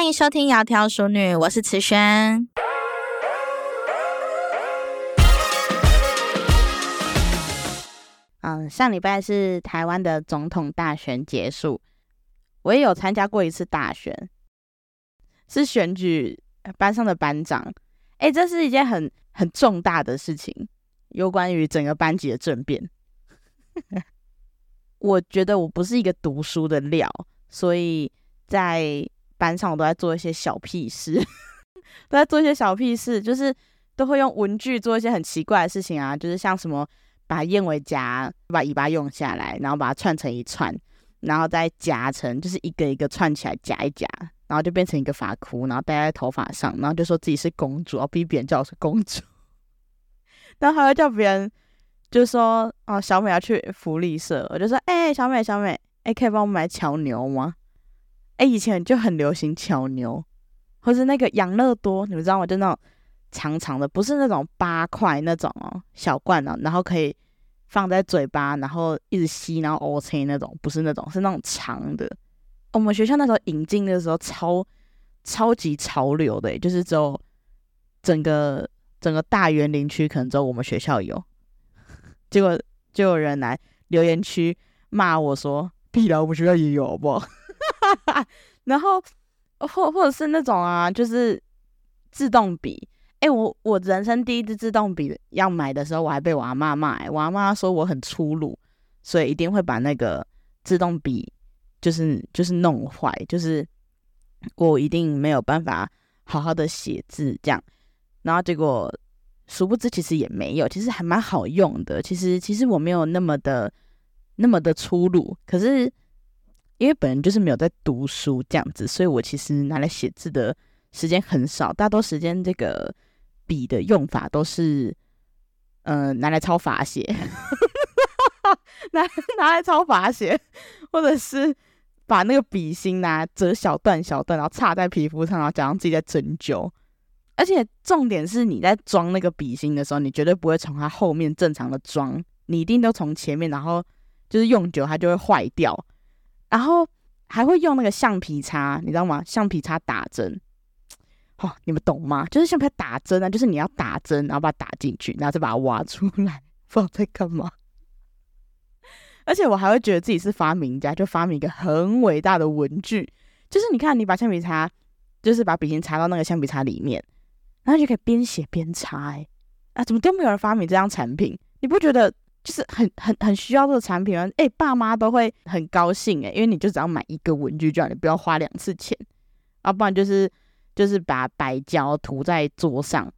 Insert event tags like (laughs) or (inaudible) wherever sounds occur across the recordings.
歡迎收聽《窈窕淑女》，我是慈軒。嗯，上禮拜是台灣的總統大選結束，我也有參加過一次大選，是選舉班上的班長。哎、欸，這是一件很很重大的事情，有關於整個班級的政變。 (laughs) 我覺得我不是一個讀書的料，所以在。班上我都在做一些小屁事， (laughs) 都在做一些小屁事，就是都會用文具做一些很奇怪的事情啊，就是像什麼把燕尾夾把尾巴用下來，然後把它串成一串，然後再夾成就是一個一個串起來夾一夾，然後就變成一個髮箍，然後戴在頭髮上，然後就說自己是公主，然後逼別人叫我是公主， (laughs) 然後還會叫別人就說哦、啊，小美要去福利社，我就說哎、欸，小美小美，哎、欸，可以幫我們買巧牛嗎？誒，以前就很流行巧牛，或是那個養樂多，你們知道嗎？就那種長長的，不是那種八塊那種哦，小罐的、啊，然後可以放在嘴巴，然後一直吸，然後 o、OK、出那種，不是那種，是那種長的。我們學校那時候引進的時候超，超超級潮流的，就是只有整個整個大員林區可能只有我們學校有，結果就有人來留言區罵我說， (laughs) 屁啦，我們學校也有好不好？ (laughs) 然後或或者是那種啊，就是自動筆。哎、欸，我我人生第一支自動筆要買的時候，我還被我阿媽罵、欸。我阿媽說我很粗魯，所以一定會把那個自動筆就是就是弄壞，就是我一定沒有辦法好好的寫字這樣。然後結果殊不知，其實也沒有，其實還蠻好用的。其實其實我沒有那麼的那麼的粗魯，可是。因為本人就是沒有在讀書這樣子，所以我其實拿來寫字的時間很少，大多時間這個筆的用法都是，呃，拿來抄罰寫，拿拿來抄罰寫，或者是把那個筆芯拿來折小段小段，然後插在皮膚上，然後假裝自己在針灸。而且重點是，你在裝那個筆芯的時候，你絕對不會從它後面正常的裝，你一定都從前面，然後就是用久它就會壞掉。然後還會用那個橡皮擦，你知道嗎？橡皮擦打針，哦，你們懂嗎？就是橡皮擦打針啊，就是你要打針，然後把它打進去，然後再把它挖出來，不知道在幹嘛。而且我還會覺得自己是發明家，就發明一個很偉大的文具。就是你看，你把橡皮擦，就是把筆芯插到那個橡皮擦裡面，然後就可以邊寫邊擦。哎，啊，怎麼都沒有人發明這樣產品？你不覺得？就是很很很需要這個產品啊！誒、欸、爸媽都會很高興誒，因為你就只要買一個文具卷，你不要花兩次錢，要、啊、不然就是就是把白膠塗在桌上，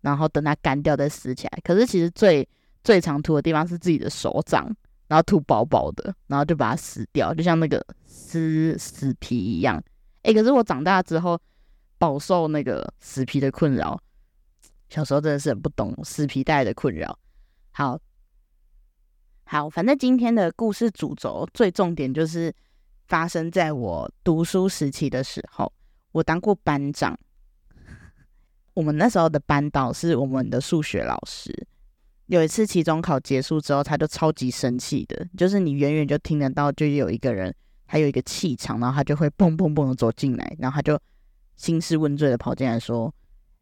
然後等它乾掉再撕起來。可是其實最最常塗的地方是自己的手掌，然後塗薄薄的，然後就把它撕掉，就像那個撕死皮一樣。誒、欸，可是我長大之後飽受那個死皮的困擾，小時候真的是很不懂死皮帶的困擾。好。好，反正今天的故事主軸最重點就是發生在我讀書時期的時候，我當過班長。我們那時候的班導是我們的數學老師。有一次期中考結束之後，他就超級生氣的，就是你遠遠就聽得到，就有一個人，他有一個氣場，然後他就會砰砰砰的走進來，然後他就興師問罪的跑進來說：“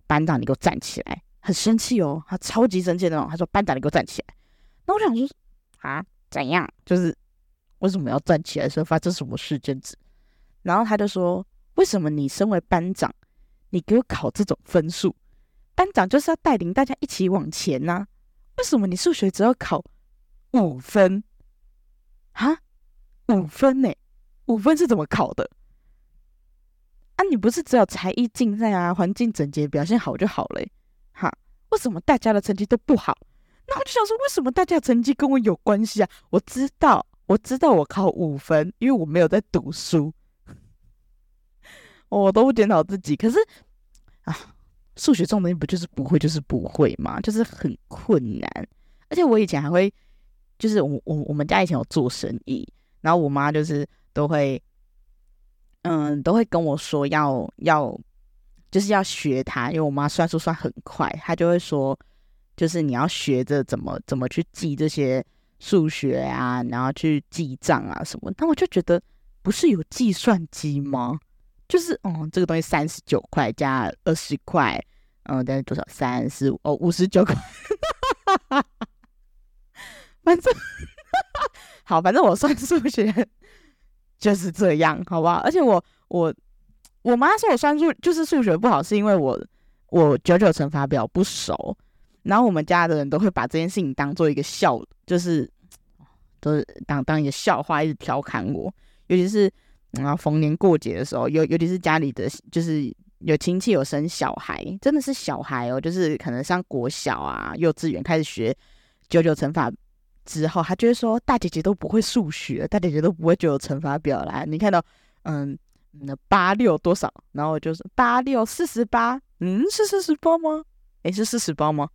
班長，你給我站起來！”很生氣哦，他超級生氣的那種。他說：“班長，你給我站起來。”那我想說。啊，怎樣？就是為什麼要站起來說發生什麼事這樣子，然後他就說，為什麼你身為班長，你給我考這種分數？班長就是要帶領大家一起往前吶、啊。為什麼你數學只要考五分？哈，五分呢、欸？五分是怎麼考的？啊，你不是只有才藝競賽啊，環境整潔，表現好就好了、欸。哈，為什麼大家的成績都不好？那我就想說，為什麼大家的成績跟我有關係啊？我知道，我知道，我考五分，因為我沒有在讀書， (laughs) 我都不檢討自己。可是啊，數學這種東西，不就是不會就是不會嘛，就是很困難。而且我以前還會，就是我我我們家以前有做生意，然後我媽就是都會，嗯，都會跟我說要要就是要學他，因為我媽算數算很快，她就會說。就是你要學着怎麼怎麼去記這些數學啊，然後去記賬啊什麼。那我就覺得不是有計算機嗎？就是，哦、嗯，這個東西三十九塊加二十塊，嗯，等於多少？三十五哦，五十九塊。反正好，反正我算數學就是這樣，好不好？而且我我我媽說我算數就是數學不好，是因為我我九九乘法表不熟。然後我們家的人都會把這件事情當做一個笑，就是都、就是當當一個笑話一直調侃我，尤其是然後、嗯、逢年過節的時候，尤尤其是家裡的就是有親戚有生小孩，真的是小孩哦，就是可能上國小啊、幼稚園開始學九九乘法之後，他就會說大姐姐都不會數學，大姐姐都不會九九乘法表啦。你看到嗯那、嗯、八六多少？然後我就是八六四十八。嗯，是四十八嗎？誒是四十八嗎？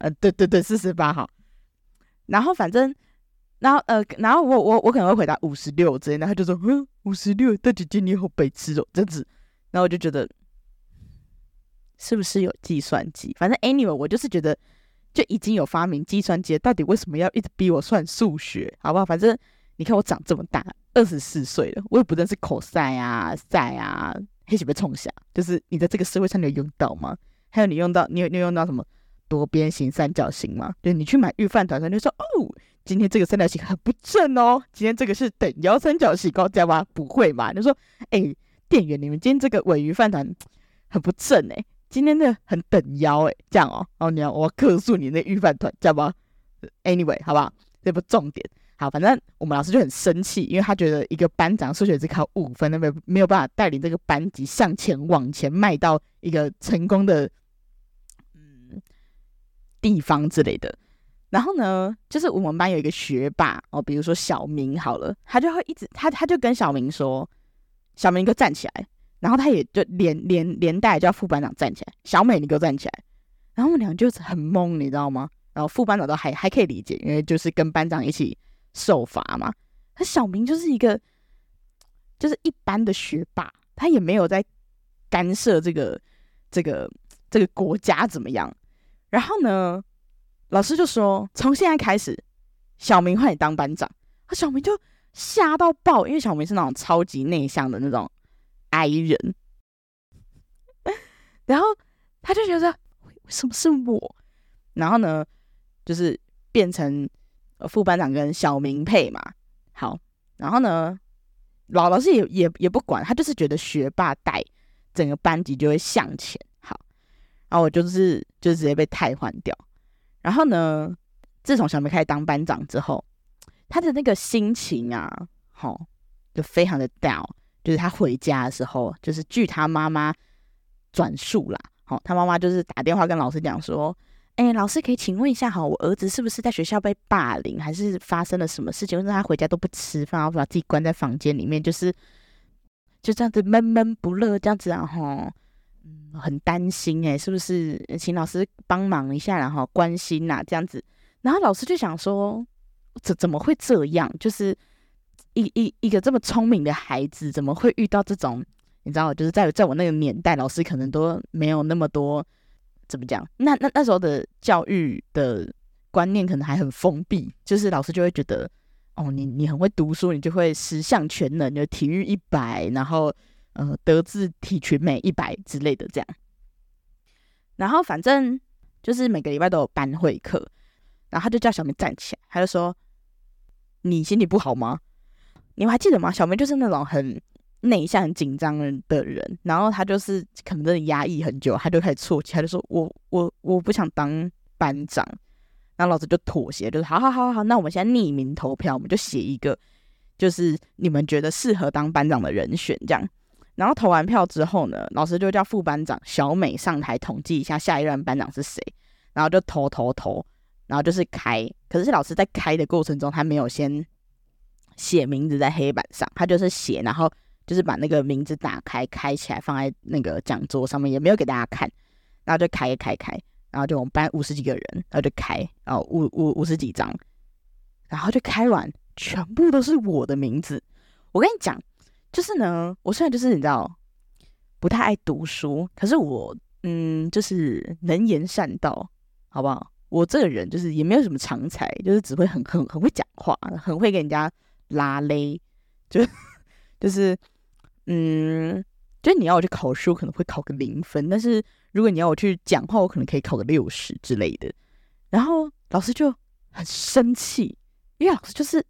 呃，對對對，四十八號。然後反正，然後呃，然後我我我可能會回答五十六之類的，然後他就說哼，五十六，大姐姐你好卑鄙哦，這樣子。然後我就覺得是不是有計算機？反正 anyway，我就是覺得就已經有發明計算機，到底為什麼要一直逼我算數學？好不好？反正你看我長這麼大，二十四歲了，我也不認識 cos 啊 sin 啊，還被衝下，就是你在這個社會上你有用到嗎？還有你用到，你有你有用到什麼？多邊形三角形嘛。對，你去買御飯糰，他就說哦，今天這個三角形很不正哦，今天這個是等腰三角形，知道嗎？不會嘛。你就說哎、欸，店員你們今天這個鮪魚飯糰很不正哎，今天這很等腰哎，這樣哦、喔，然後你要我要客訴，你那御飯糰，知道嗎？Anyway，好不好？這不重點。好，反正我們老師就很生氣，因為他覺得一個班長數學只考五分，那沒沒有辦法帶領這個班級向前往前邁到一個成功的地方之類的，然後呢，就是我們班有一個學霸哦，比如說小明好了，他就會一直他他就跟小明說：“小明，你給我站起來。”然後他也就連連連帶叫副班長站起來：“小美，你給我站起來。”然後我們倆就很懵，你知道嗎？然後副班長都還還可以理解，因為就是跟班長一起受罰嘛。他小明就是一個就是一般的學霸，他也沒有在干涉這個這個這個國家怎麼樣。然後呢，老師就說：“從現在開始，小明換你當班長。”小明就嚇到爆，因為小明是那種超級內向的那種 I 人。然後他就覺得為什麼是我。然後呢，就是變成副班長跟小明配嘛。好，然後呢，老老師也也也不管，他就是覺得學霸帶整個班級就會向前。然、啊，然後我就是，就直接被汰換掉。然後呢，自從小明開始當班長之後，他的那個心情啊，吼，就非常的 down。就是他回家的時候，就是據他媽媽轉述啦，好，他媽媽就是打電話跟老師講說：“哎、欸，老師可以請問一下，好，我兒子是不是在學校被霸凌，還是發生了什麼事情？為什麼他回家都不吃飯，然後把自己關在房間裡面，就是就這樣子悶悶不樂，這樣子啊，吼。”嗯，很擔心欸，是不是請老師幫忙一下，然後關心啊，這樣子。然後老師就想說，怎怎麼會這樣？就是一一一個這麼聰明的孩子，怎麼會遇到這種？你知道，就是在在我那個年代，老師可能都沒有那麼多怎麼講。那那那時候的教育的觀念可能還很封閉，就是老師就會覺得，哦，你你很會讀書，你就會十項全能，你就體育一百，然後。呃，德智體群美一百之類的，這樣。然後反正就是每個禮拜都有班會課，然後他就叫小明站起來，他就說：“你心情不好嗎？你們還記得嗎？”小明就是那種很內向、很緊張的人，然後他就是可能真的壓抑很久，他就開始坐起，他就說：“我我我不想當班長。”然後老師就妥協，就說：“好好好好好，那我們現在匿名投票，我們就寫一個，就是你們覺得適合當班長的人選，這樣。”然後投完票之後呢，老師就叫副班長小美上台統計一下下一任班長是誰，然後就投投投，然後就是開。可是是老師在開的過程中，他沒有先寫名字在黑板上，他就是寫，然後就是把那個名字打開開起來放在那個講桌上面，也沒有給大家看，然後就開一開一開，然後就我們班五十幾個人，然後就開，然後五五五十幾張，然後就開完，全部都是我的名字，我跟你講。就是呢，我雖然就是你知道，不太愛讀書，可是我嗯，就是能言善道，好不好？我這個人就是也沒有什麼長才，就是只會很很很會講話，很會給人家拉嘞，就就是嗯，就你要我去考書，我可能會考個零分，但是如果你要我去講話，我可能可以考個六十之類的。然後老師就很生氣，因為老師就是。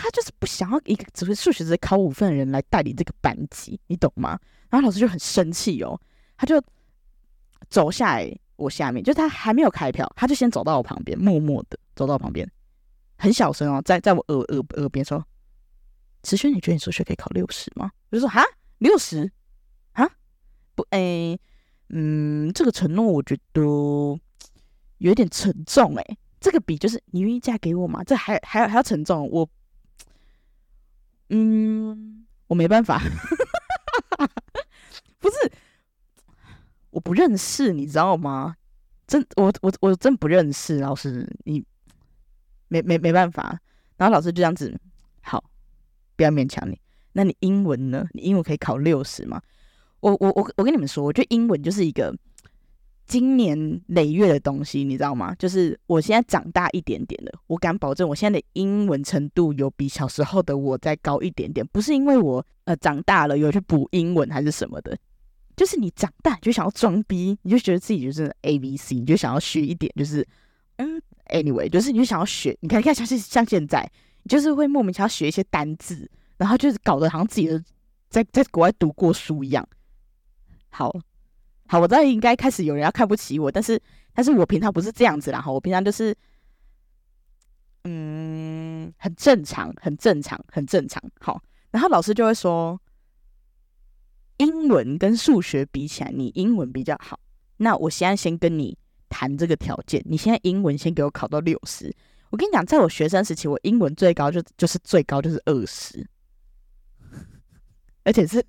他就是不想要一個只會數學只考五分的人來代理這個班級，你懂嗎？然後老師就很生氣哦，他就走下來我下面，就他還沒有開票，他就先走到我旁邊，默默的走到我旁邊，很小聲哦，在在我耳耳耳邊說：“池軒，你覺得你數學可以考六十嗎？”我就說：“哈，六十啊？哈？不，哎、欸，嗯，這個承諾我覺得有一點沉重哎、欸，這個比就是你願意嫁給我嗎？這還還要還要沉重我。”嗯，我沒辦法， (laughs) 不是，我不認識，你知道嗎？真，我我我真不認識老師，你沒沒沒辦法。然後老師就這樣子，好，不要勉強你。那你英文呢？你英文可以考六十嗎？我我我我跟你們說，我覺得英文就是一個。今年累月的東西，你知道嗎？就是我現在長大一點點了，我敢保證，我現在的英文程度有比小時候的我再高一點點。不是因為我呃長大了有去補英文還是什麼的，就是你長大你就想要裝逼，你就覺得自己就是 ABC，你就想要學一點，就是嗯，anyway，就是你就想要學。你看，你看，像像現在，就是會莫名其妙學一些單字，然後就是搞得好像自己的在在，在國外讀過書一樣。好。好，我知道應該開始有人要看不起我，但是，但是我平常不是這樣子啦，哈，我平常就是，嗯，很正常，很正常，很正常。好，然後老師就會說，英文跟數學比起來，你英文比較好。那我現在先跟你談這個條件，你現在英文先給我考到六十。我跟你講，在我學生時期，我英文最高就就是最高就是二十，而且是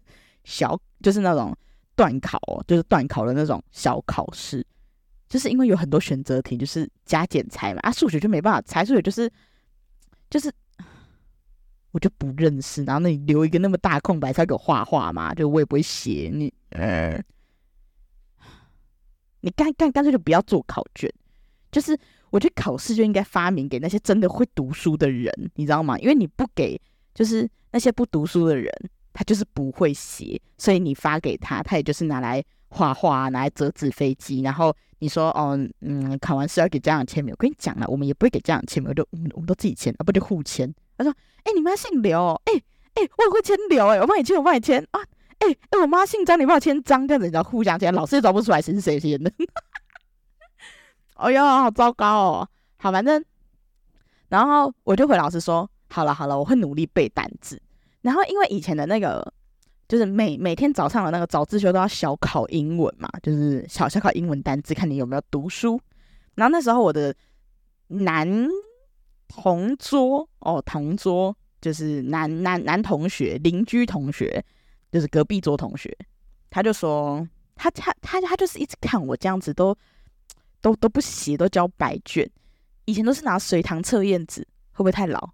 小，就是那種。段考就是段考的那種小考試，就是因為有很多選擇題，就是加減猜嘛啊，數學就沒辦法猜，數學就是就是我就不認識，然後那你留一個那麼大空白，才給我畫畫嘛？就我也不會寫你呃，你乾乾乾脆就不要做考卷，就是我覺得考試就應該發明給那些真的會讀書的人，你知道嗎？因為你不給，就是那些不讀書的人。他就是不會寫，所以你發給他，他也就是拿來畫畫，拿來折紙飛機。然後你說：“哦，嗯，考完試要給家長簽名。”我跟你講了，我們也不會給家長簽名，我就，我們我們都自己簽，啊不就互簽。他說：“哎、欸，你媽姓劉，哎、欸、哎、欸，我也會簽劉，哎，我幫你簽，我幫你簽啊，哎、欸、哎，我媽姓張，你幫我簽張，這樣子你知道互相簽，老師也找不出來誰是誰簽的。”哦喲，好糟糕哦。好，反正然後我就回老師說：“好了好了，我會努力背單字。”然後，因為以前的那個，就是每每天早上的那個早自修都要小考英文嘛，就是小小考英文單字，看你有沒有讀書。然後那時候我的男同桌哦，同桌就是男男男同學，鄰居同學，就是隔壁桌同學，他就說他他他他就是一直看我這樣子都，都都都不寫，都交白卷。以前都是拿隨堂測驗紙，會不會太老？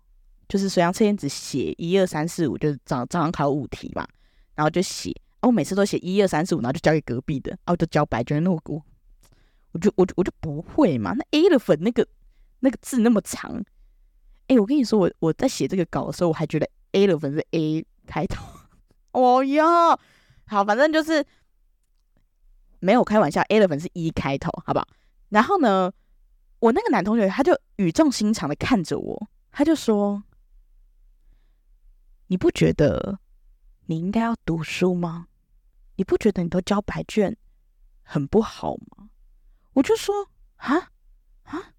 就是誰讓赤燕子寫一二三四五，就是早早上，上考五題嘛，然後就寫，哦，我每次都寫一二三四五，然後就交給隔壁的，哦，就交白卷，那我我就我就我就不會嘛，那 A 的粉那個那個字那麼長，哎，我跟你說，我我在寫這個稿的時候，我還覺得 A 的粉是 A 開頭，哦呀，好，反正就是沒有開玩笑，A 的粉是一、e、開頭，好不好？然後呢，我那個男同學他就語重心長的看着我，他就說。你不覺得你應該要讀書嗎？你不覺得你都交白卷很不好嗎？我就說，啊啊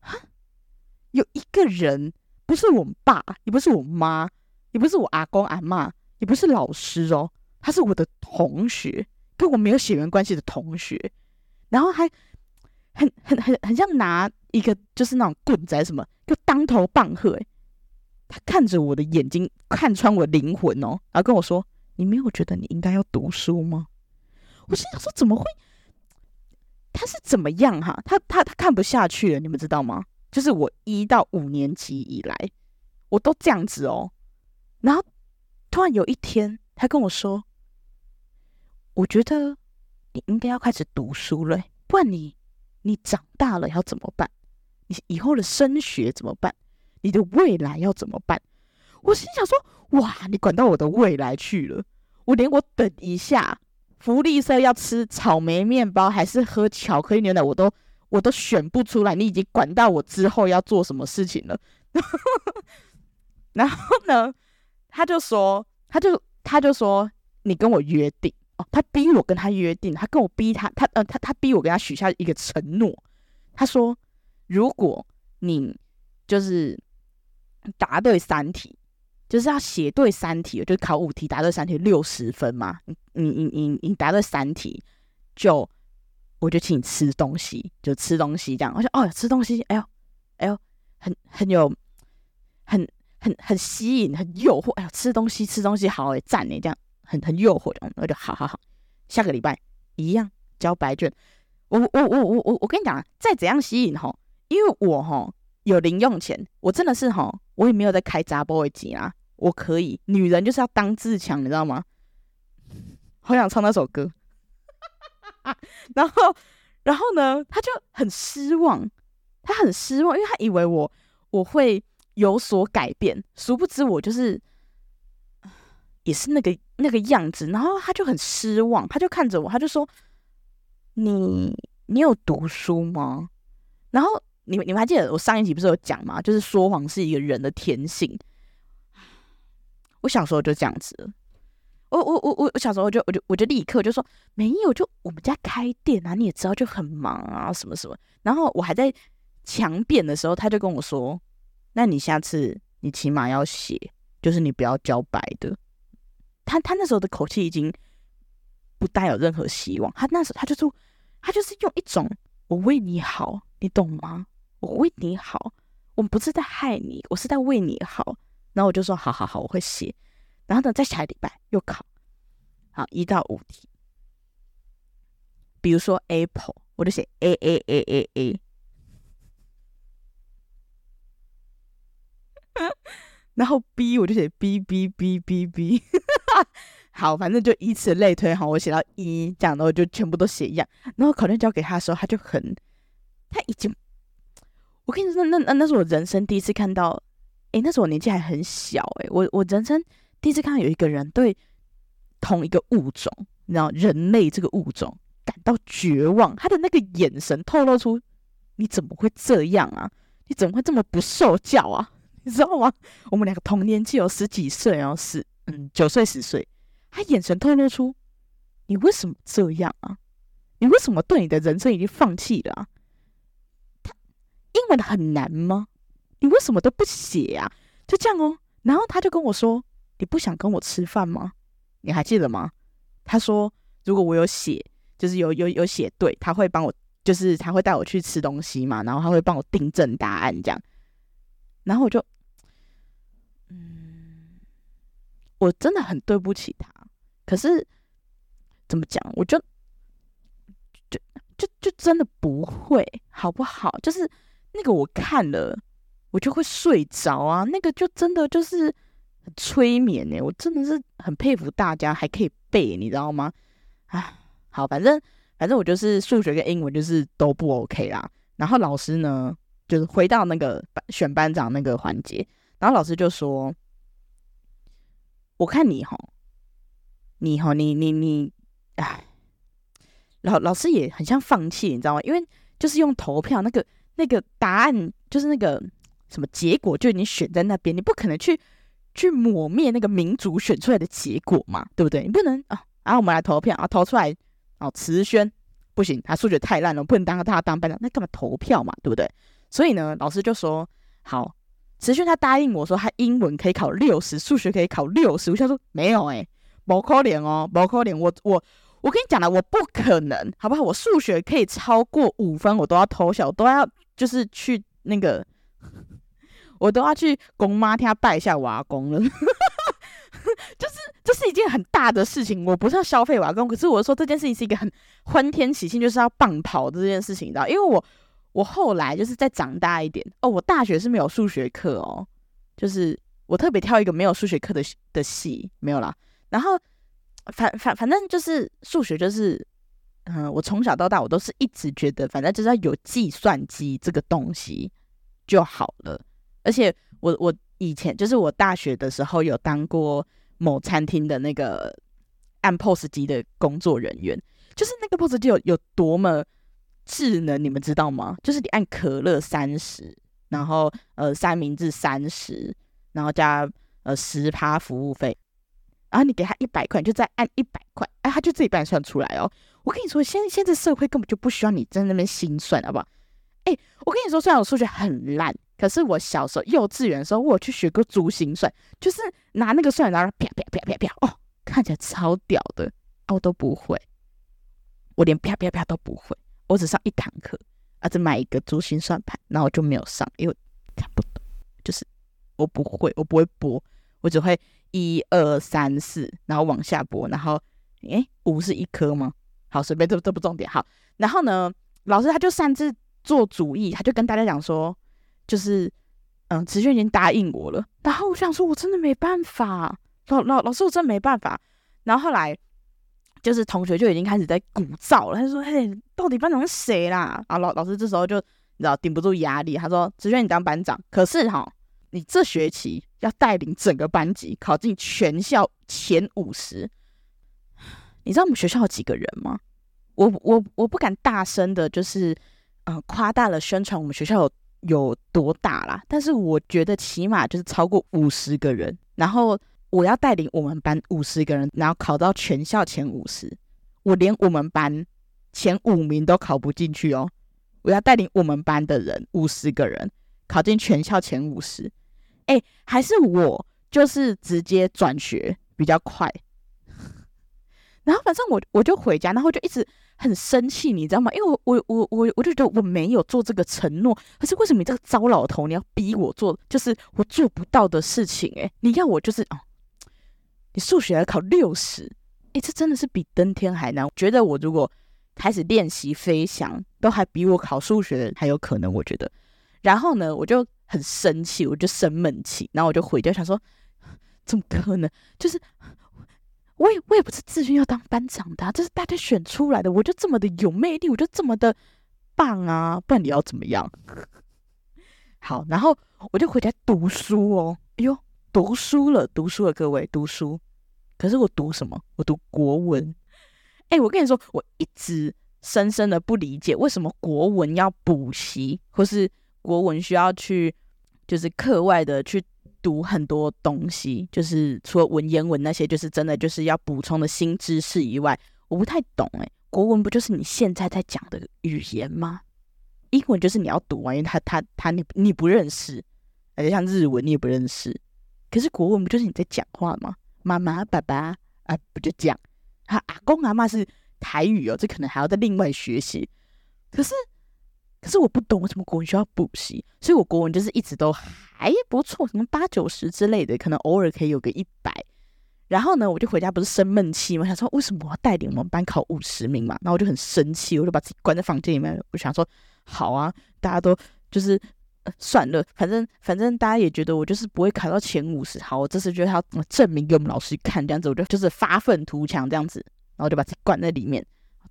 啊！有一個人不是我爸，也不是我媽，也不是我阿公阿嬤，也不是老師哦，他是我的同學，跟我沒有血緣關係的同學，然後還很很很很像拿一個就是那種棍子還什麼，就當頭棒喝、欸，他看着我的眼睛，看穿我的靈魂哦，然後跟我說：“你沒有覺得你應該要讀書嗎？”我心想說：“怎麼會？他是怎麼樣哈、啊？他他他看不下去了，你們知道嗎？就是我一到五年級以來，我都這樣子哦。然後突然有一天，他跟我說：“我覺得你應該要開始讀書了，不然你你長大了要怎麼辦？你以後的升學怎麼辦？”你的未來要怎麼辦？我心想說：哇，你管到我的未來去了！我連我等一下福利社要吃草莓麵包還是喝巧克力牛奶，我都我都選不出來。你已經管到我之後要做什麼事情了。 (laughs) 然後呢，他就說，他就他就說，你跟我約定哦，他逼我跟他約定，他跟我逼他，他呃，他他逼我跟他許下一個承諾。他說，如果你就是。答對三題，就是要寫對三題，就考五題，答對三題六十分嘛。你你你你你答對三題，就我就請你吃東西，就吃東西這樣。我想哦，吃東西，哎呦哎呦，很很有很很很吸引，很誘惑。哎呀，吃東西吃東西好誒，讚誒，這樣很很誘惑這。我就好好好，下個禮拜一樣交白卷。我我我我我，我跟你講，再怎樣吸引吼，因為我吼。有零用錢，我真的是吼，我也沒有在開雜波的機啊，我可以。女人就是要當自強，你知道嗎？好想唱那首歌。 (laughs) 然後，然後呢，他就很失望，他很失望，因為他以為我我會有所改變，殊不知我就是也是那個那個樣子。然後他就很失望，他就看着我，他就說：“你，你有讀書嗎？”然後。你你們還記得我上一集不是有講嗎？就是說謊是一個人的天性。我小時候就這樣子，我我我我我小時候就我就我就立刻就說沒有，就我們家開店啊，你也知道就很忙啊，什麼什麼。然後我還在強辯的時候，他就跟我說：“那你下次你起碼要寫，就是你不要交白的。”他他他那時候的口氣已經不帶有任何希望。他那時候他就是他就是用一種“我為你好”，你懂嗎？我為你好，我們不是在害你，我是在為你好。然後我就說：好好好，我會寫。然後呢，再下禮拜又考，好，一到五題，比如說 apple，我就寫 a a a a a， (laughs) 然後 b 我就寫 b b b b b， (laughs) 好，反正就以此類推。好，我寫到一、e，這樣，然後就全部都寫一樣。然後考卷交給他的時候，他就很，他已經。我跟你說，那那那是我人生第一次看到，誒、欸，那時候我年紀還很小、欸，誒，我我人生第一次看到有一個人對同一個物種，你知道人類這個物種感到絕望，他的那個眼神透露出，你怎麼會這樣啊？你怎麼會這麼不受教啊？你知道嗎？我們兩個同年紀，有十幾歲，然後十嗯九歲十歲，他眼神透露出，你為什麼這樣啊？你為什麼對你的人生已經放棄了啊？英文很難嗎？你為什麼都不寫啊？就這樣哦。然後他就跟我說：“你不想跟我吃飯嗎？”你還記得嗎？他說：“如果我有寫，就是有有有寫，對，他會幫我，就是他會帶我去吃東西嘛，然後他會幫我訂正答案這樣。”然後我就，嗯，我真的很對不起他。可是怎麼講？我就就就就真的不會，好不好？就是。那個我看了，我就會睡着啊。那個就真的就是催眠呢、欸，我真的是很佩服大家還可以背、欸，你知道嗎？哎，好，反正反正我就是數學跟英文就是都不 OK 啦。然後老師呢，就是回到那個班選班長那個環節，然後老師就說：“我看你哈，你哈，你你你，哎，老老師也很想放棄，你知道嗎？因為就是用投票那個。”那個答案就是那個什麼結果，就你選在那邊，你不可能去去抹滅那個民主選出來的結果嘛，對不對？你不能啊、哦、啊，我們來投票啊，投出來哦，慈軒不行，他、啊、數學太爛了，不能當，當他當班長，那干嘛投票嘛，對不對？所以呢，老師就說好，慈軒他答應我說他英文可以考六十，數學可以考六十，我想說沒有哎、欸，好可憐哦，好可憐，我我。我跟你講了，我不可能，好不好？我數學可以超過五分，我都要偷笑，我都要就是去那個，我都要去公媽替他拜一下我阿公了， (laughs) 就是這、就是一件很大的事情。我不是要消費我阿公，可是我說這件事情是一個很歡天喜慶，就是要棒跑的這件事情。你知道，因為我我後來就是再長大一點哦，我大學是沒有數學課哦，就是我特別挑一個沒有數學課的的系，沒有啦，然後。反反反正就是數學，就是嗯、呃，我從小到大我都是一直覺得，反正就是要有計算機這個東西就好了。而且我我以前就是我大學的時候有當過某餐廳的那個按 POS 機的工作人員，就是那個 POS 機有有多麼智能，你們知道嗎？就是你按可樂三十，然後呃三明治三十，然後加呃十趴服務費。然後你給他一百塊，就再按一百塊，哎、啊，他就自己幫你算出來哦。我跟你說，現在現在社會根本就不需要你在那邊心算，好不好？哎、欸，我跟你說，雖然我數學很爛，可是我小時候幼稚園的時候，我有去學過珠心算，就是拿那個算盤，然後啪啪，啪啪啪啪啪，哦，看起來超屌的哦、啊，我都不會，我連啪啪啪都不會，我只上一堂課，啊，只買一個珠心算盤，然後我就沒有上，因為看不懂，就是我不會，我不會撥，我只會。一二三四，然後往下撥，然後誒，五是一顆嗎？好，隨便這這不重點。好，然後呢，老師他就擅自做主意，他就跟大家講說，就是嗯，池軒已經答應我了。然後我就想說，我真的沒辦法，老老老師，我真的沒辦法。然後後來就是同學就已經開始在鼓噪了，他就說，嘿，到底班長是誰啦？啊，老老師這時候就你知道頂不住壓力，他說，池軒你當班長，可是哈、哦。你這學期要帶領整個班級考進全校前五十，你知道我們學校有幾個人嗎？我我我不敢大聲的，就是呃誇大了宣傳我們學校有有多大啦。但是我覺得起碼就是超過五十個人。然後我要帶領我們班五十個人，然後考到全校前五十。我連我們班前五名都考不進去哦。我要帶領我們班的人五十個人考進全校前五十。哎、欸，還是我就是直接轉學比較快。然後反正我我就回家，然後就一直很生氣，你知道嗎？因為我我我我我就覺得我沒有做這個承諾。可是為什麼你這個糟老頭，你要逼我做，就是我做不到的事情，欸？哎，你要我就是哦，你數學要考六十，哎，這真的是比登天還難。我覺得我如果開始練習飛翔，都還比我考數學的還有可能，我覺得。然後呢，我就很生氣，我就生悶氣，然後我就回家想說，怎麼可能？就是，我也我也不是自願要當班長的啊，這是大家選出來的，我就這麼的有魅力，我就這麼的棒啊，不然你要怎麼樣？好，然後我就回家讀書哦，哎呦，讀書了，讀書了，讀書了，各位，讀書。可是我讀什麼？我讀國文。哎，我跟你說，我一直深深的不理解，為什麼國文要補習，或是。國文需要去，就是課外的去讀很多東西，就是除了文言文那些，就是真的就是要補充的新知識以外，我不太懂哎、欸。國文不就是你現在在講的語言嗎？英文就是你要讀完，因為他他他，他你你不認識，而且像日文你也不認識。可是國文不就是你在講話嗎？媽媽、爸爸啊，不就這樣他阿公阿媽、啊、是台語哦，這可能還要再另外學習。可是。可是我不懂，為什麼國文需要補習？所以我國文就是一直都還不錯，什麼八九十之類的，可能偶爾可以有個一百。然後呢，我就回家不是生悶氣嗎？想說為什麼我要帶領我們班考五十名嘛？然後我就很生氣，我就把自己關在房間裡面。我想說，好啊，大家都就是、呃、算了，反正反正大家也覺得我就是不會考到前五十。好，我這次就要證明給我們老師看，這樣子我就就是發憤圖強這樣子，然後就把自己關在裡面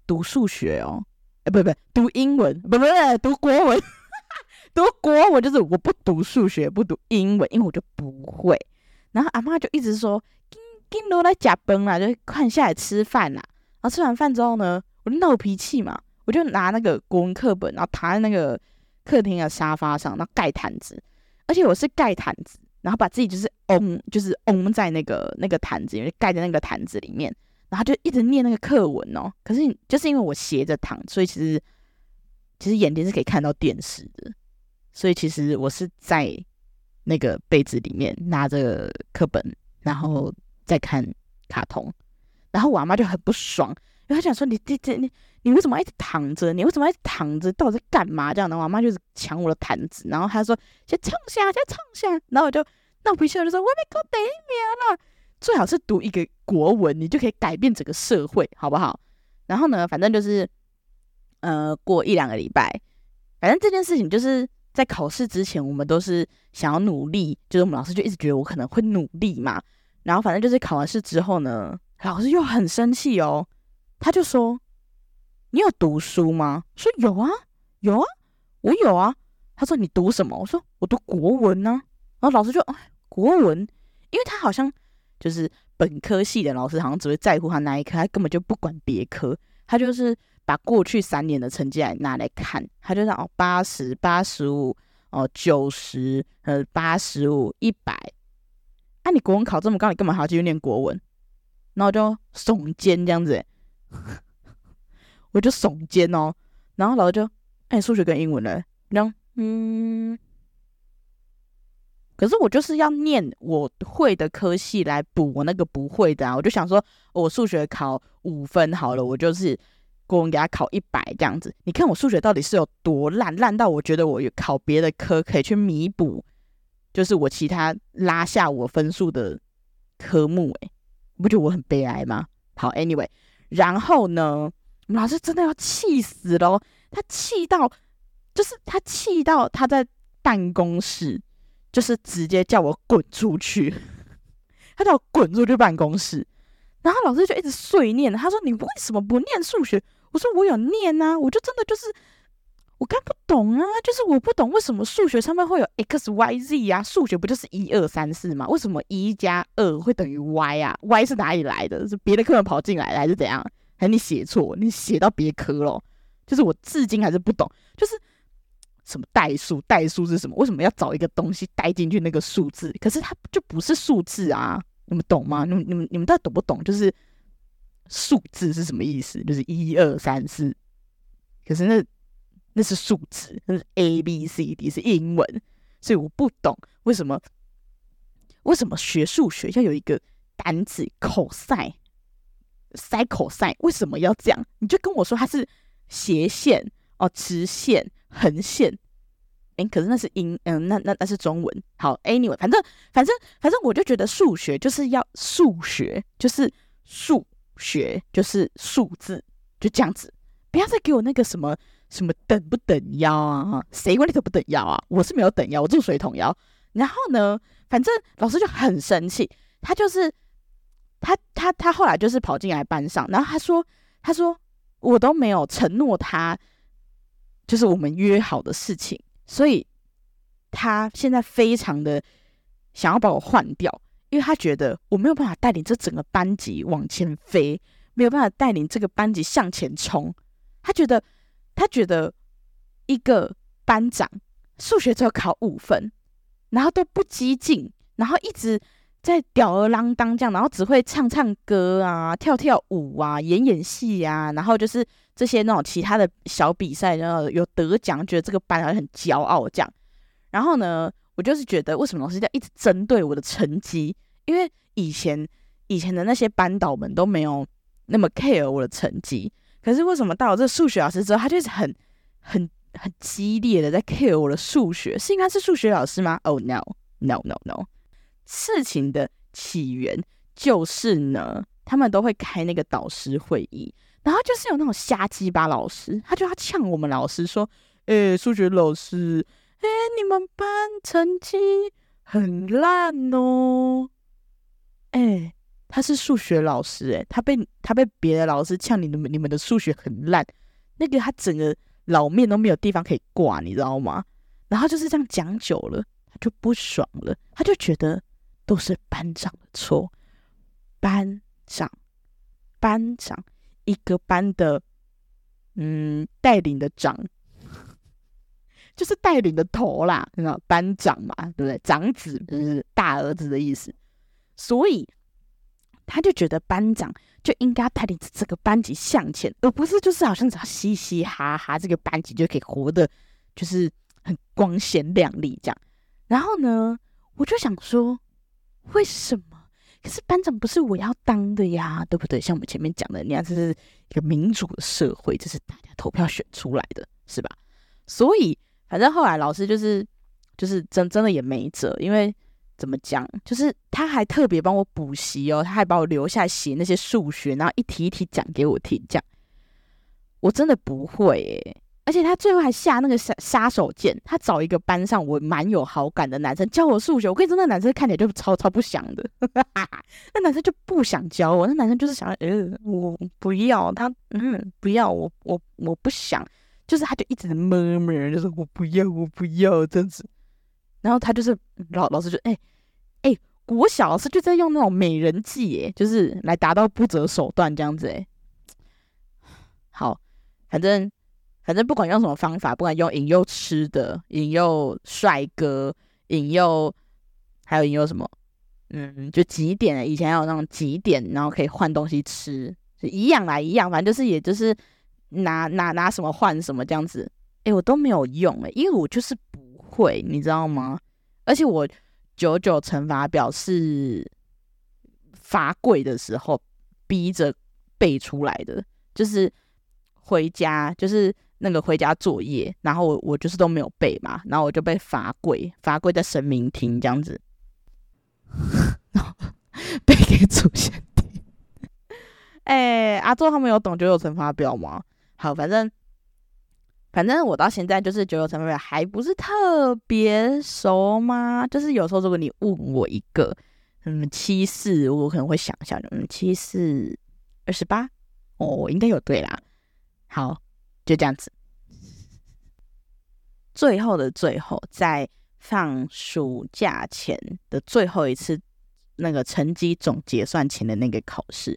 讀數學哦。哎，不不，讀英文，不不讀國文， (laughs) 讀國文就是我不讀數學，不讀英文，因為我就不會。然後阿媽就一直說，金金都來甲崩了，就快下來吃飯啦。然後吃完飯之後呢，我就鬧脾氣嘛，我就拿那個國文課本，然後躺在那個客廳的沙發上，然後蓋毯子，而且我是蓋毯子，然後把自己就是擁，就是擁在那個那個毯子裡面，因為蓋在那個毯子裡面。他就一直念那個課文哦，可是就是因為我斜着躺，所以其實其實眼睛是可以看到電視的，所以其實我是在那個被子裡面拿着課本，然後再看卡通，然後我阿媽就很不爽，因為她想說你這你你為什麼一直躺着？你為什麼一直躺着？到底在幹嘛？這樣的，然後我媽就是搶我的毯子，然後她說先唱下，先唱下，然後我就鬧脾氣，我就說我沒搞第一名了，最好是讀一個。國文，你就可以改變整個社會，好不好？然後呢，反正就是，呃，過一兩個禮拜，反正這件事情就是在考試之前，我們都是想要努力，就是我們老師就一直覺得我可能會努力嘛。然後反正就是考完試之後呢，老師又很生氣哦，他就說：“你有讀書嗎？”說：“有啊，有啊，我有啊。”他說：“你讀什麼？”我說：“我讀國文呢、啊。”然後老師就、啊、國文，因為他好像。就是本科系的老師好像只會在乎他那一科，他根本就不管別科，他就是把過去三年的成績來拿來看，他就講哦，八十八十五哦、九十、呃、八十五一百，那、啊、你國文考這麼高，你幹嘛還要繼續念國文？然後我就聳肩這樣子、欸， (laughs) 我就聳肩哦，然後老師就，哎，你數學跟英文然後、欸、嗯。可是我就是要念我會的科系來補我那個不會的啊！我就想說，我數學考五分好了，我就是國文給他考一百這樣子。你看我數學到底是有多爛，爛到我覺得我有考別的科可以去彌補，就是我其他拉下我分數的科目。欸。哎，不覺得我很悲哀嗎？好，Anyway，然後呢，我們老師真的要氣死了，他氣到就是他氣到他在辦公室。就是直接叫我滾出去， (laughs) 他叫我滾出去辦公室，然後老師就一直碎念，他說：“你為什麼不念數學？”我說：“我有念啊，我就真的就是我看不懂啊，就是我不懂為什麼數學上面會有 x y z 呀、啊，數學不就是一二三四嗎？為什麼一加二會等於 y 啊？y 是哪裡來的？是別的科目跑進來還是怎樣？還是你寫錯？你寫到別科囉？就是我至今還是不懂，就是。”什麼代數？代數是什麼？為什麼要找一個東西代進去那個數字？可是它就不是數字啊！你們懂嗎？你們、你們、你們到底懂不懂？就是數字是什麼意思？就是一二三四。可是那那是數字，那是 A B C D 是英文，所以我不懂為什麼為什麼學數學要有一個單字口塞塞口塞？Cos, Cycos, 為什麼要這樣？你就跟我說它是斜線哦，直線。橫線，誒、欸，可是那是英，嗯，那那那是中文。好，anyway，反正反正反正，反正我就覺得數學就是要數學，就是數學，就是數字，就這樣子。不要再給我那個什麼什麼等不等腰啊？誰管你等不等腰啊？我是沒有等腰，我只有水桶腰。然後呢，反正老師就很生氣，他就是他他他後來就是跑進來班上，然後他說他說我都沒有承諾他。就是我們約好的事情，所以他現在非常的想要把我換掉，因為他覺得我沒有辦法帶領這整個班級往前飛，沒有辦法帶領這個班級向前衝。他覺得，他覺得一個班長數學只有考五分，然後都不激進，然後一直在吊兒郎當這樣，然後只會唱唱歌啊、跳跳舞啊、演演戲啊，然後就是。這些那種其他的小比賽，然後有得獎，覺得這個班好像很驕傲這樣。然後呢，我就是覺得，為什麼老師在一直針對我的成績？因為以前以前的那些班導們都沒有那麼 care 我的成績。可是為什麼到了這數學老師之後，他就是很很很激烈的在 care 我的數學？是應該是數學老師嗎？Oh no no no no！事情的起源就是呢，他們都會開那個導師會議。然後就是有那種瞎雞巴老師，他就要嗆我們老師說：“誒、欸、數學老師，誒、欸、你們班成績很爛哦。欸”誒他是數學老師、欸，誒他被他被別的老師嗆，你們你們的數學很爛，那個他整個老面都沒有地方可以掛，你知道嗎？然後就是這樣講久了，他就不爽了，他就覺得都是班長的錯，班長，班長。一個班的，嗯，帶領的長，就是帶領的頭啦，班長嘛，對不對？長子，就是、大兒子的意思，所以他就覺得班長就應該帶領着這個班級向前，而不是就是好像只要嘻嘻哈哈，這個班級就可以活得，就是很光鮮亮麗這樣。然後呢，我就想說，為什麼？可是班長不是我要當的呀，對不對？像我們前面講的那樣，你看這是一個民主的社會，這是大家投票選出來的，是吧？所以反正後來老師就是就是真真的也沒轍，因為怎麼講，就是他還特別幫我補習哦，他還把我留下寫那些數學，然後一題一題講給我聽，這樣，我真的不會、欸而且他最後還下那個殺殺手鐧，他找一個班上我蠻有好感的男生教我數學。我跟你說，那男生看起來就超超不想的。哈哈哈，那男生就不想教我，那男生就是想呃、欸，我不要他，嗯，不要我，我我不想，就是他就一直悶悶，就是我不要，我不要這樣子。然後他就是老老師就哎哎，國、欸欸、小老師就在用那種美人計、欸，耶就是來達到不擇手段這樣子、欸，哎，好，反正。反正不管用什麼方法，不管用引誘吃的、引誘帥哥、引誘，還有引誘什麼，嗯，就幾點、欸，以前還有那種幾點，然後可以換東西吃，一樣來一樣，反正就是也就是拿拿拿什麼換什麼這樣子。哎、欸，我都沒有用、欸，哎，因為我就是不會，你知道嗎？而且我九九乘法表是罰跪的時候逼着背出來的，就是回家就是。那個回家作業，然後我我就是都沒有背嘛，然後我就被罰跪，罰跪在神明廳這樣子， (laughs) 背給祖先聽。哎、啊，阿作他們有懂九九乘法表嗎？好，反正反正我到現在就是九九乘法表還不是特別熟嘛，就是有時候如果你問我一個，嗯，七四，我可能會想一下，嗯，七四二十八，哦，應該有對啦。好，就這樣子。最後的最後，在放暑假前的最後一次那個成績總結算前的那個考試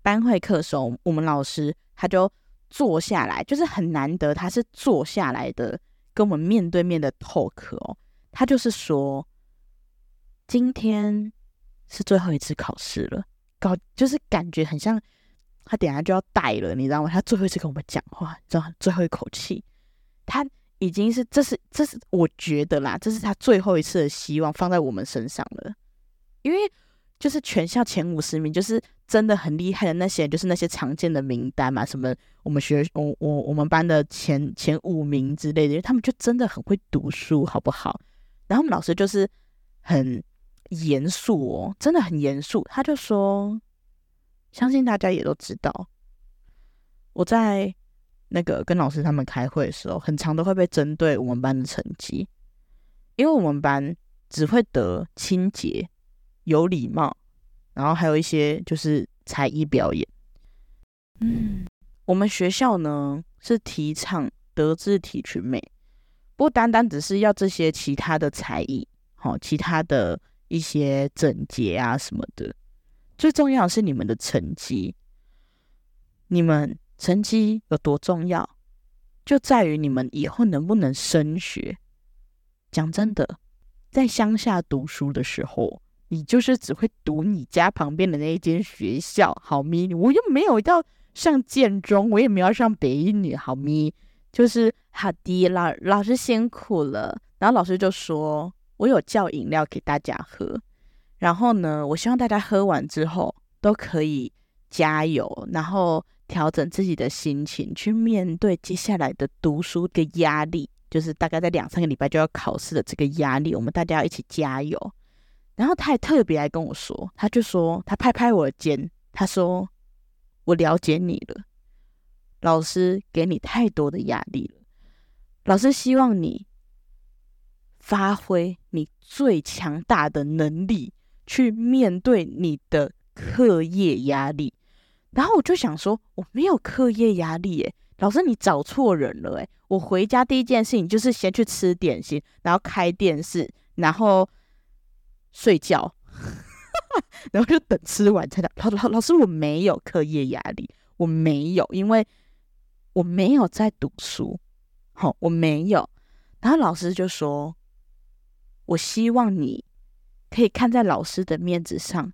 班會課時候，我們老師他就坐下來，就是很難得，他是坐下來的，跟我們面對面的 talk 哦。他就是說，今天是最後一次考試了，搞就是感覺很像他等下就要帶了，你知道嗎？他最後一次跟我們講話，你知道最後一口氣，他。已經是，這是，這是我覺得啦，這是他最後一次的希望放在我們身上了，因為就是全校前五十名，就是真的很厲害的那些就是那些常見的名單嘛，什麼我們學我我我們班的前前五名之類的，因為他們就真的很會讀書，好不好？然後我們老師就是很嚴肅哦，真的很嚴肅，他就說，相信大家也都知道，我在。那個跟老師他們開會的時候，很常都會被針對我們班的成績，因為我們班只會得清潔、有禮貌，然後還有一些就是才藝表演。嗯，我們學校呢是提倡德智體群美，不單單只是要這些其他的才藝，好，其他的一些整潔啊什麼的，最重要的是你們的成績，你們。成績有多重要，就在於你們以後能不能升學。講真的，在鄉下讀書的時候，你就是只會讀你家旁邊的那一間學校。好咪，我又沒有要上建中，我也沒有要上北一女。好咪，就是好的。老老師辛苦了。然後老師就說：“我有叫飲料給大家喝。”然後呢，我希望大家喝完之後都可以加油。然後。調整自己的心情，去面對接下來的讀書的壓力，就是大概在兩三個禮拜就要考試的這個壓力，我們大家要一起加油。然後他還特別來跟我說，他就說他拍拍我的肩，他說我了解你了，老師給你太多的壓力了，老師希望你發揮你最強大的能力去面對你的課業壓力。然後我就想說，我沒有課業壓力哎，老師你找錯人了哎，我回家第一件事情就是先去吃點心，然後開電視，然後睡覺， (laughs) 然後就等吃完再講。老老老師，我沒有課業壓力，我沒有，因為我沒有在讀書，好、哦，我沒有。然後老師就說，我希望你可以看在老師的面子上，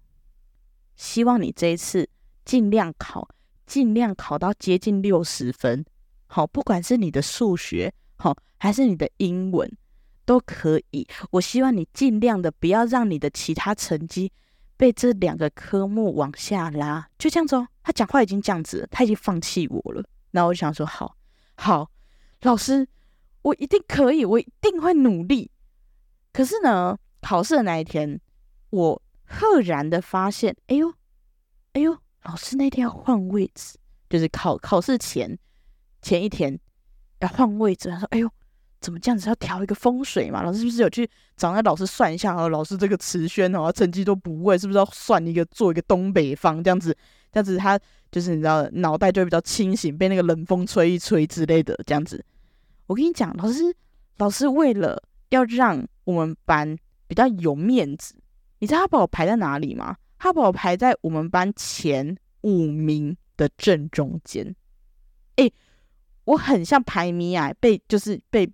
希望你這一次。盡量考，盡量考到接近六十分，好，不管是你的數學好、哦，還是你的英文，都可以。我希望你盡量的不要讓你的其他成績被這兩個科目往下拉。就這樣子哦，他講話已經這樣子了，他已經放棄我了。然後我就想說，好，好，老師，我一定可以，我一定會努力。可是呢，考試的那一天，我赫然的發現，哎呦，哎呦。老師那天要換位置，就是考考試前前一天要換位置。他說：“哎呦，怎麼這樣子？要調一個風水嘛？老師是不是有去找那老師算一下啊？哦，老師這個磁圈哦，成績都不會，是不是要算一個做一個東北方這樣子？這樣子他就是你知道，腦袋就會比較清醒，被那個冷風吹一吹之類的。這樣子，我跟你講，老師老師為了要讓我們班比較有面子，你知道他把我排在哪裡嗎？”他把我排在我們班前五名的正中間，哎，我很像排名啊，被就是被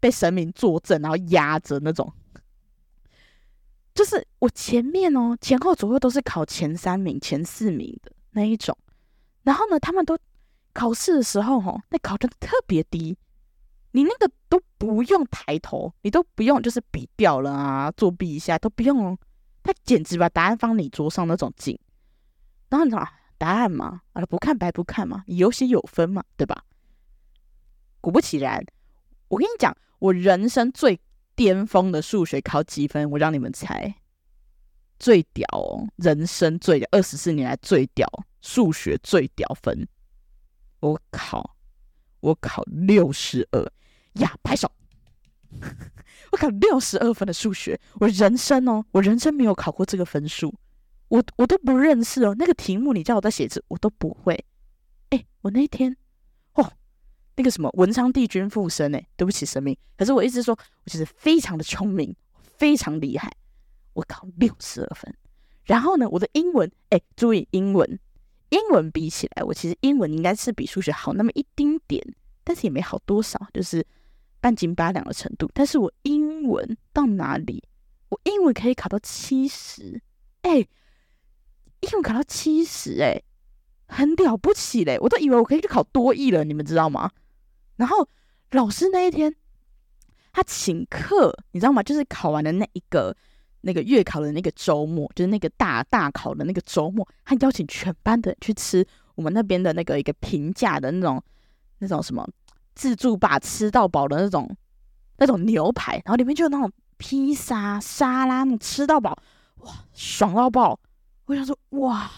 被神明坐鎮，然後壓着那種。就是我前面哦，前後左右都是考前三名、前四名的那一種。然後呢，他們都考試的時候、哦，吼，那考的特別低，你那個都不用抬頭，你都不用就是比掉了啊，作弊一下都不用、哦。他簡直把答案放你桌上那種勁，當然，啊、答案嘛，不看白不看嘛，有寫有分嘛，對吧？果不其然，我跟你講，我人生最巔峰的數學考幾分？我讓你們猜，最屌、哦，人生最屌，二十四年來最屌，數學最屌分，我考我考六十二，呀，拍手。 (laughs) 我考六十二分的數學，我人生哦，我人生沒有考過這個分數，我我都不認識哦，那個題目你叫我在寫字，我都不會。哎、欸，我那天哦，那個什麼文昌帝君附身哎、欸，對不起，神明。可是我一直說，我其實非常的聰明，非常厲害。我考六十二分，然後呢，我的英文哎、欸，注意英文，英文比起來，我其實英文應該是比數學好那麼一丁點，但是也沒好多少，就是半斤八兩的程度。但是我英。英文到哪裡？我英文可以考到七十，哎，英文考到七十，哎，很了不起嘞！我都以為我可以去考多藝多益了，你們知道嗎？然後老師那一天，他請客，你知道嗎？就是考完的那一個那個月考的那個周末，就是那個大大考的那個周末，他邀請全班的人去吃我們那邊的那個一個平價的那種那種什麼自助吧，吃到飽的那種。那種牛排，然後裡面就有那種披薩、沙拉，那種吃到飽，哇，爽到爆！我想說，哇，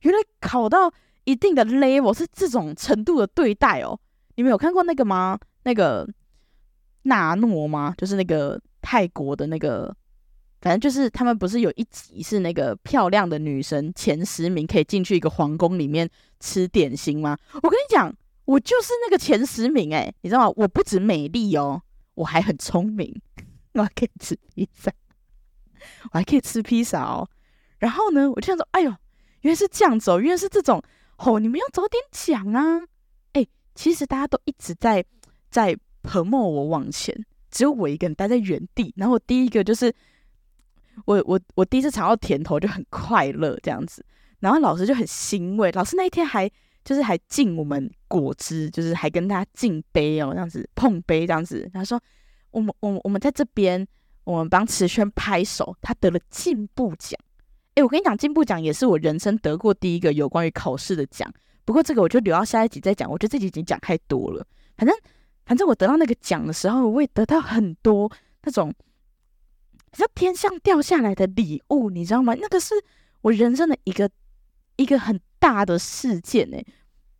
原來考到一定的 level 是這種程度的對待哦。你們有看過那個嗎？那個納諾嗎？就是那個泰國的那個，反正就是他們不是有一集是那個漂亮的女生前十名可以進去一個皇宮裡面吃點心嗎？我跟你講，我就是那個前十名誒、欸，你知道嗎？我不止美麗哦。我還很聰明，我還可以吃披薩，我還可以吃披薩、哦。然後呢，我就想說，哎呦，原來是這樣走、哦，原來是這種。哦，你們要早點講啊！哎、欸，其實大家都一直在在潑墨，我往前，只有我一個人待在原地。然後我第一個就是，我我我第一次嘗到甜頭就很快樂這樣子。然後老師就很欣慰，老師那一天還。就是還敬我們果汁，就是還跟大家敬杯哦，這樣子碰杯，這樣子。他說：“我們，我們，我們在這邊，我們幫池軒拍手，他得了進步獎。”欸，哎，我跟你講，進步獎也是我人生得過第一個有關於考試的獎。不過這個我就留到下一集再講。我覺得這集已經講太多了。反正，反正我得到那個獎的時候，我也得到很多那種像天上掉下來的禮物，你知道嗎？那個是我人生的一個一個很。大的事件呢、欸？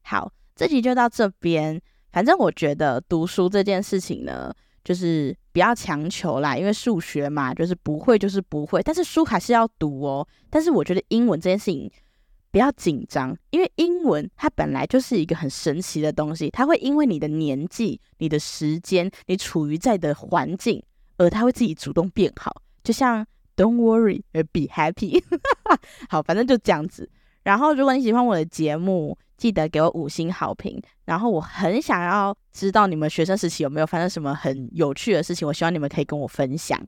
好，這集就到這邊。反正我覺得讀書這件事情呢，就是不要強求啦，因為數學嘛，就是不會就是不會，但是書還是要讀哦。但是我覺得英文這件事情不要緊張，因為英文它本來就是一個很神奇的東西，它會因為你的年紀、你的時間、你處於在的環境，而它會自己主動變好。就像 "Don't worry,、呃、be happy"。 (laughs) 好，反正就這樣子。然後，如果你喜歡我的節目，記得給我五星好評。然後，我很想要知道你們學生時期有沒有發生什麼很有趣的事情，我希望你們可以跟我分享。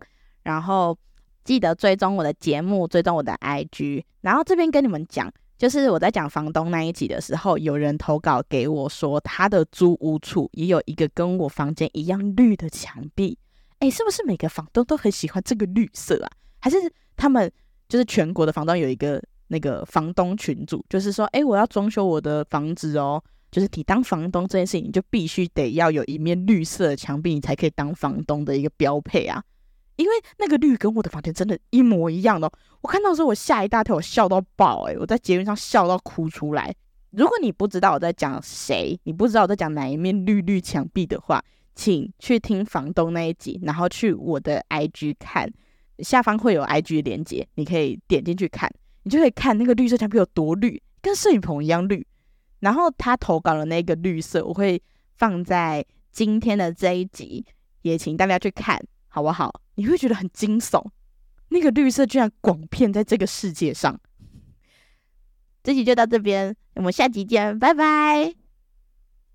然後，記得追蹤我的節目，追蹤我的 IG。然後，這邊跟你們講，就是我在講房東那一集的時候，有人投稿給我說，他的租屋處也有一個跟我房間一樣綠的牆壁。誒，是不是每個房東都很喜歡這個綠色啊？還是他們，就是全國的房東有一個？那個房東群主就是說，哎，我要裝修我的房子哦。就是你當房東這件事情，你就必須得要有一面綠色的牆壁，你才可以當房東的一個標配啊。因為那個綠跟我的房間真的一模一樣哦，我看到的時候我嚇一大跳，我笑到爆，哎，我在節目上笑到哭出來。如果你不知道我在講誰，你不知道我在講哪一面綠綠牆壁的話，請去聽房東那一集，然後去我的 IG 看，下方會有 IG 連結，你可以點進去看。你就可以看那個綠色產品有多綠，跟攝影棚一樣綠。然後他投稿的那個綠色，我會放在今天的這一集，也請大家去看，好不好？你會覺得很驚悚，那個綠色居然廣片在這個世界上。這集就到這邊，我們下集見，拜拜。